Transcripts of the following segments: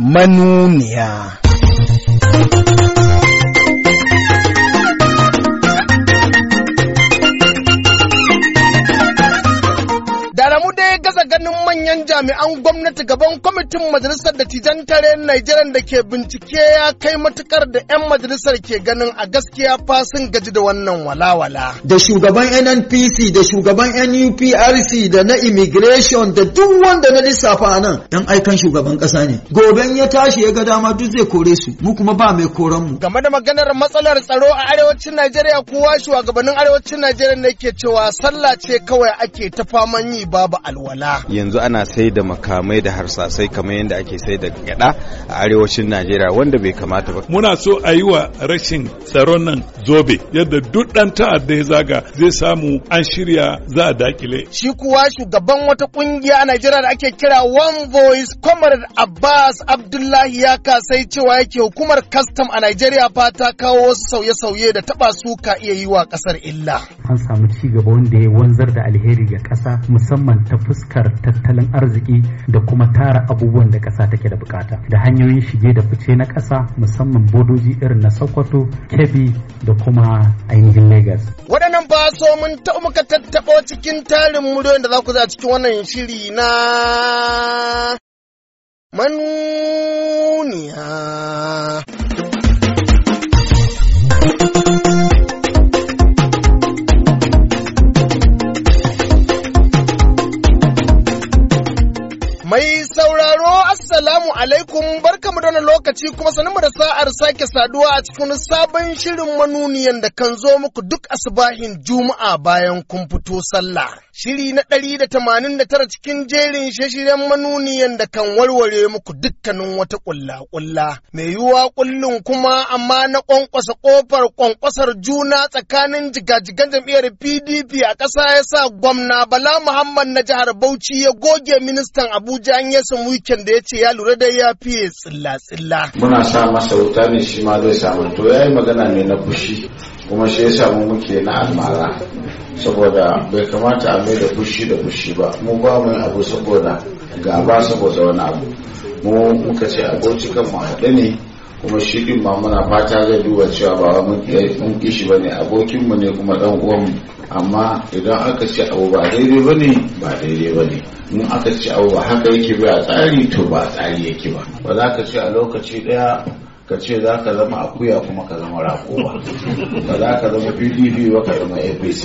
manuniya. Da mu dai tsakanin manyan jami'an gwamnati gaban kwamitin majalisar dattijan tare Najeriya da ke bincike ya kai matukar da 'yan majalisar ke ganin a gaskiya fasin gaji da wannan walawala. Da shugaban NNPC da shugaban NUPRC da na immigration da duk wanda na lissafa a nan ɗan aikan shugaban ƙasa ne. Goben ya tashi ya ga dama duk zai kore su mu kuma ba mai koran mu. Game da maganar matsalar tsaro a arewacin Najeriya kowa shugabannin arewacin Najeriya ne ke cewa sallah ce kawai ake ta faman yi babu alwala. yanzu ana sai da makamai da harsasai kamar yadda ake sai da gada a arewacin najeriya wanda bai kamata ba muna so a yi wa rashin tsaron nan zobe yadda duk dan ta'adda ya zaga zai samu an shirya za a dakile shi kuwa shugaban wata kungiya a najeriya da ake kira one voice comrade abbas abdullahi ya kasai cewa yake hukumar kastam a najeriya fa ta kawo wasu sauye-sauye da taba su ka iya yi wa kasar illa an samu ci gaba wanda ya wanzar da alheri ga kasa musamman ta fuskar tattalin arziki da kuma tara abubuwan da ƙasa take da bukata da hanyoyin shige da fice na ƙasa musamman bodoji irin na sokoto kebbi da kuma ainihin lagos waɗannan ba so mun taɓa muka tattaɓo cikin tarin muryoyin da za ku za cikin wannan shiri na manuniya cumba lokaci kuma sanin da sa'ar sake saduwa a cikin sabon shirin manuniyan da kan zo muku duk asibahin juma'a bayan kun fito sallah. Shiri na ɗari da tamanin da tara cikin jerin shirin manuniyan da kan warware muku dukkanin wata ƙulla-ƙulla. Mai yiwuwa ƙullun kuma amma na ƙwanƙwasa ƙofar ƙwanƙwasar juna tsakanin jigajigan jam'iyyar PDP a ƙasa ya sa gwamna Bala Muhammad na jihar Bauchi ya goge ministan Abuja an yasa weekend da ya ce ya lura da ya fiye tsilla-tsilla. Muna sa masa wuta ne shi ma zai samu to ya yi magana ne na fushi kuma shi ya samu muke na almara saboda bai kamata a mai da fushi da fushi ba mu ba mu abu saboda gaba saboda wani abu mu muka ce aboci kan mu haɗe ne kuma shi din ma muna fata zai duba cewa ba mun mun kishi bane abokin mu ne kuma dan uwan mu amma idan aka ce abu ba daidai bane ba daidai bane mun aka ce abu ba haka yake ba tsari to ba tsari yake ba ba za ka ce a lokaci daya ka ce za ka zama akuya kuma ka zama rako ba ba za ka zama pdp ba ka zama apc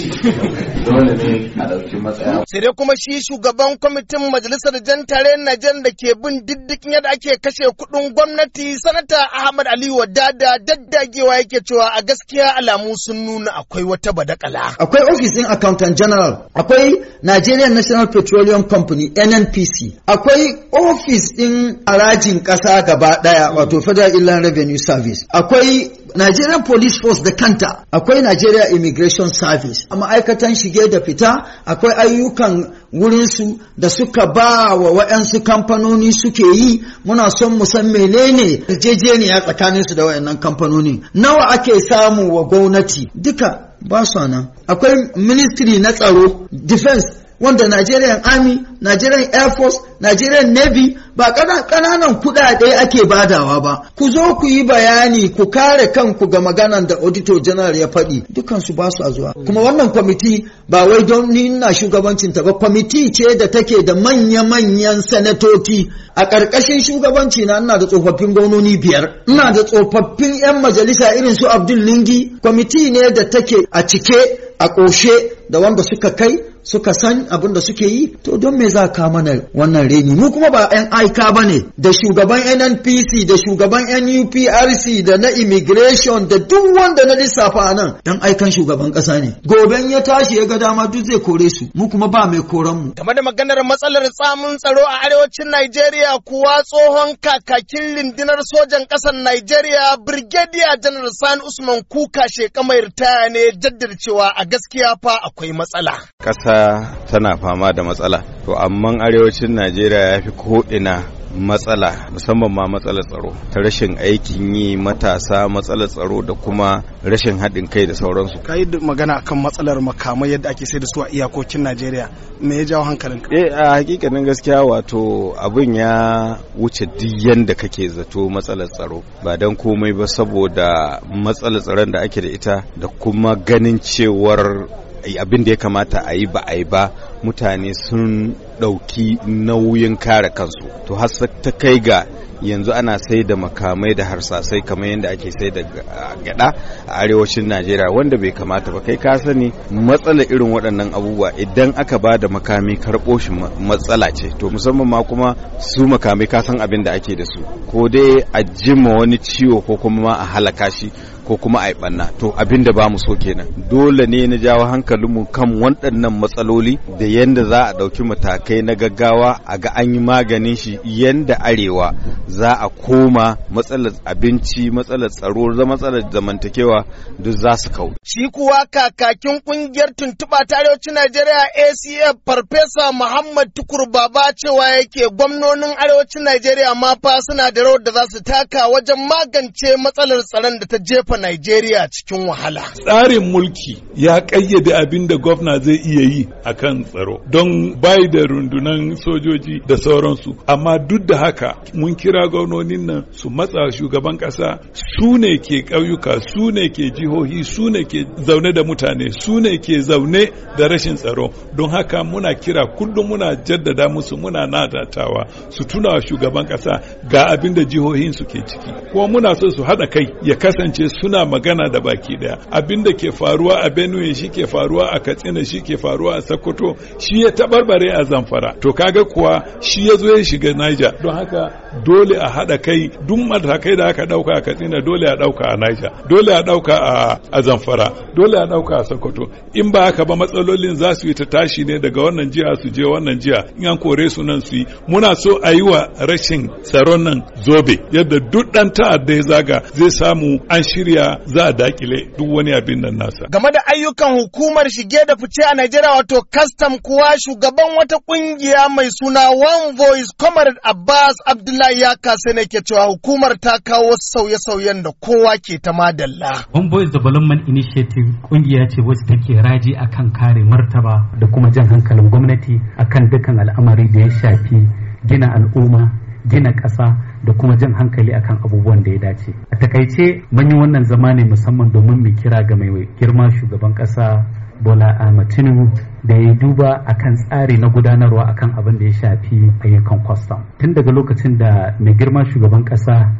dole ne a ɗauki matsaya. sai dai kuma shi shugaban kwamitin majalisar jan tare najen da ke bin diddikin yadda ake kashe kuɗin gwamnati sanata ahmad aliyu wadada daddagewa yake cewa a gaskiya alamu sun nuna akwai wata badakala. akwai ofisin accountant general akwai nigerian national petroleum company nnpc akwai ofis ɗin arajin ƙasa gaba ɗaya wato federal inland Revenue Service akwai Nigerian Police Force da kanta akwai Nigeria Immigration Service ma'aikatan shige da fita akwai ayyukan wurinsu da suka ba wa wa'ansu kamfanoni suke yi muna son mu san menene yarjejeniya tsakaninsu da wayannan kamfanoni nawa ake samu wa gwamnati duka ba su nan akwai ministry na tsaro defense wanda Nigerian Army, Nigerian Air Force, Nigerian Navy ba ƙananan kuɗaɗe ake badawa ba. Ku zo ku yi bayani ku kare kanku ga maganan da Auditor General ya faɗi dukansu ba su zuwa. Kuma wannan kwamiti ba wai don ni shugabancin shugabancinta ba kwamiti ce da take da manya-manyan sanatoci a ƙarƙashin shugabanci na ina da tsofaffin gwamnoni biyar. Ina da tsofaffin 'yan majalisa irin su Abdul Lingi kwamiti ne da take a cike a ƙoshe da wanda suka kai suka san abin da suke yi to don me za ka mana wannan reni mu kuma ba yan aika ba ne da shugaban nnpc da shugaban nuprc da na immigration da duk wanda na lissafa a nan yan aikan shugaban ƙasa ne goben ya tashi ya ga dama duk zai kore su mu kuma ba mai koran mu game da maganar matsalar tsamin tsaro a arewacin Najeriya kuwa tsohon kakakin lindinar sojan ƙasar Najeriya Brigadier General Sani Usman Kuka sheka mai ritaya ne jaddar a gaskiya fa akwai matsala. Ƙasa tana fama da matsala to amma arewacin najeriya ya fi ko'ina matsala musamman ma matsalar tsaro ta rashin aikin yi matasa matsalar tsaro da kuma rashin haɗin kai da sauransu ka yi magana akan matsalar makamai yadda ake sai da su a iyakokin najeriya me ya jawo hankalin eh a hakikanin gaskiya wato abin ya wuce duk yadda kake zato matsalar tsaro ba dan komai ba saboda matsalar tsaron da ake da ita da kuma ganin cewar abin da ya kamata a yi ba a yi ba mutane sun ɗauki nauyin kare kansu to har ta kai ga yanzu ana sai da makamai da harsasai kamar yadda ake sai da gada a arewacin najeriya wanda bai kamata ba kai ka sani matsala irin waɗannan abubuwa idan aka ba da makami karɓo shi matsala ce to musamman ma kuma su makamai ka san abin da ake da su ko dai a jima wani ciwo ko kuma a halaka shi ko kuma a yi ɓanna to abin da ba mu so kenan dole ne na jawo hankalinmu kan waɗannan matsaloli da yadda za a ɗauki matakai matakai na gaggawa a ga an yi maganin shi yanda arewa za a koma matsalar abinci matsalar tsaro da matsalar zamantakewa duk za su kau. Shi kuwa kakakin kungiyar tuntuɓa arewacin Najeriya ACF Farfesa Muhammad Tukur Baba cewa yake gwamnonin arewacin Najeriya ma fa suna da rawar da za su taka wajen magance matsalar tsaron da ta jefa Najeriya cikin wahala. Tsarin mulki ya ƙayyade abin da gwamna zai iya yi akan tsaro don bai da rundunan sojoji da sauransu amma duk da haka mun kira gwamnonin nan su matsa shugaban kasa su ne ke ƙauyuka su ne ke jihohi su ne ke zaune da mutane su ne ke zaune da rashin tsaro don haka muna kira kullum muna jaddada musu muna nadatawa su tuna wa shugaban kasa ga abin da jihohin su ke ciki kuma muna so su haɗa kai ya kasance suna magana da baki ɗaya abin da ke faruwa a benue shi ke faruwa a katsina shi ke faruwa a sokoto shi ya tabarbare a zam zamfara to kaga kuwa shi ya zo ya shiga niger don haka dole a haɗa kai duk matakai da aka ɗauka a katsina dole a ɗauka a niger dole a ɗauka a zamfara dole a ɗauka a sokoto in ba haka ba matsalolin za su yi ta tashi ne daga wannan jiha su je wannan jiha in an kore su nan su yi muna so a yi wa rashin tsaron nan zobe yadda duk dan ta'adda ya zaga zai samu an shirya za a dakile duk wani abin nan nasa game da ayyukan hukumar shige da fice a Najeriya wato custom kuwa shugaban wata kungiya mai suna One Voice Comrade Abbas Abdullahi ya kasa ne ke cewa hukumar ta kawo sauye-sauyen da kowa ke ta madalla. One Voice Development Initiative kungiya ce wasu take raji akan kare martaba da kuma jan hankalin gwamnati akan dukkan al'amari da ya shafi gina al'umma, gina ƙasa da kuma jan hankali akan abubuwan da ya dace. A takaice mun wannan zama ne musamman domin mu kira ga mai girma shugaban ƙasa bola ahmad da ya duba akan tsari na gudanarwa akan abin da ya shafi ayyukan kwastam tun daga lokacin da mai girma shugaban ƙasa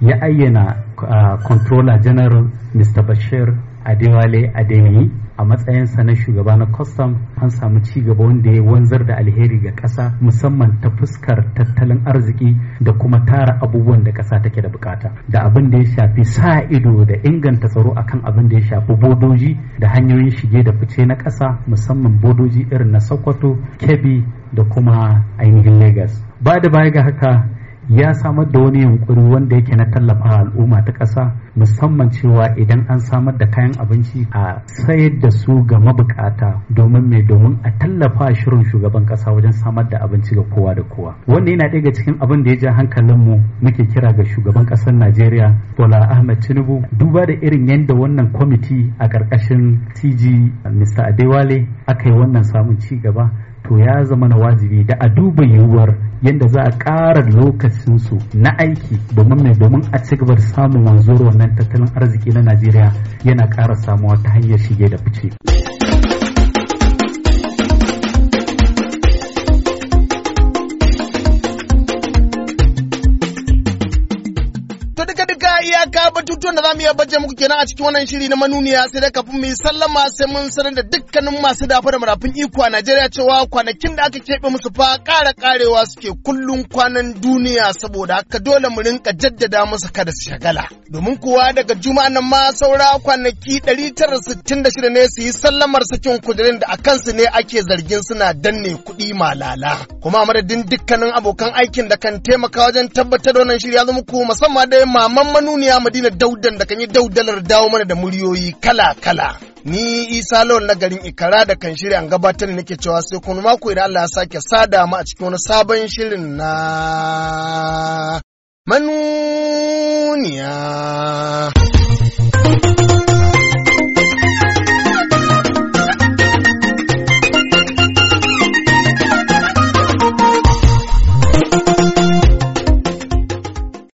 ya ayyana ah, controller general mr bashir adewale adeyi a matsayinsa na shugaba na kwastam an samu ci gaba wanda ya wanzar da alheri ga ƙasa musamman ta fuskar tattalin arziki da kuma tara abubuwan da ƙasa take da bukata da abin da ya shafi sa ido da inganta tsaro akan abin da ya shafi bodoji da hanyoyin shige da fice na ƙasa musamman bodoji irin na sokoto kebbi da kuma ainihin lagos ba da baya ga haka ya samar da wani yunkuri wanda yake na tallafa al'umma ta ƙasa musamman cewa idan an samar da kayan abinci a sayar da su ga mabukata domin mai domin a tallafa shirin shugaban ƙasa wajen samar da abinci ga kowa da kowa wannan yana ɗaya cikin abin da ya ja hankalinmu muke kira ga shugaban ƙasar najeriya bola ahmed tinubu duba da irin yadda wannan kwamiti a ƙarƙashin tg mr adewale aka yi wannan samun ci gaba to ya zama na wajibi da a duba yiwuwar yadda za a ƙara lokacinsu na aiki domin mai domin a ci gaba da samun wanzuwar wannan tattalin arziki na najeriya yana ƙara samuwa ta hanyar shige da fice. abubuwan da za mu iya baje muku kenan a cikin wannan shiri na manuniya sai da kafin mu yi sallama sai mun sanar da dukkanin masu dafa da marafin iko a Najeriya cewa kwanakin da aka keɓe musu fa ƙara ƙarewa suke kullum kwanan duniya saboda haka dole mu rinka jaddada musu kada su shagala. Domin kuwa daga juma'a nan ma saura kwanaki 966 ne su yi sallamar sakin kudirin da a kansu ne ake zargin suna danne kuɗi malala. Kuma madadin dukkanin abokan aikin da kan taimaka wajen tabbatar da wannan ya zama ku musamman dai maman manuniya Madina daudan da kan yi daudalar dawo mana da muryoyi kala-kala. Ni Isa Lawan na garin Ikara da kan shirya an gabatar nake cewa sai kuma mako idan Allah ya sake sada mu a cikin wani sabon shirin na manuniya.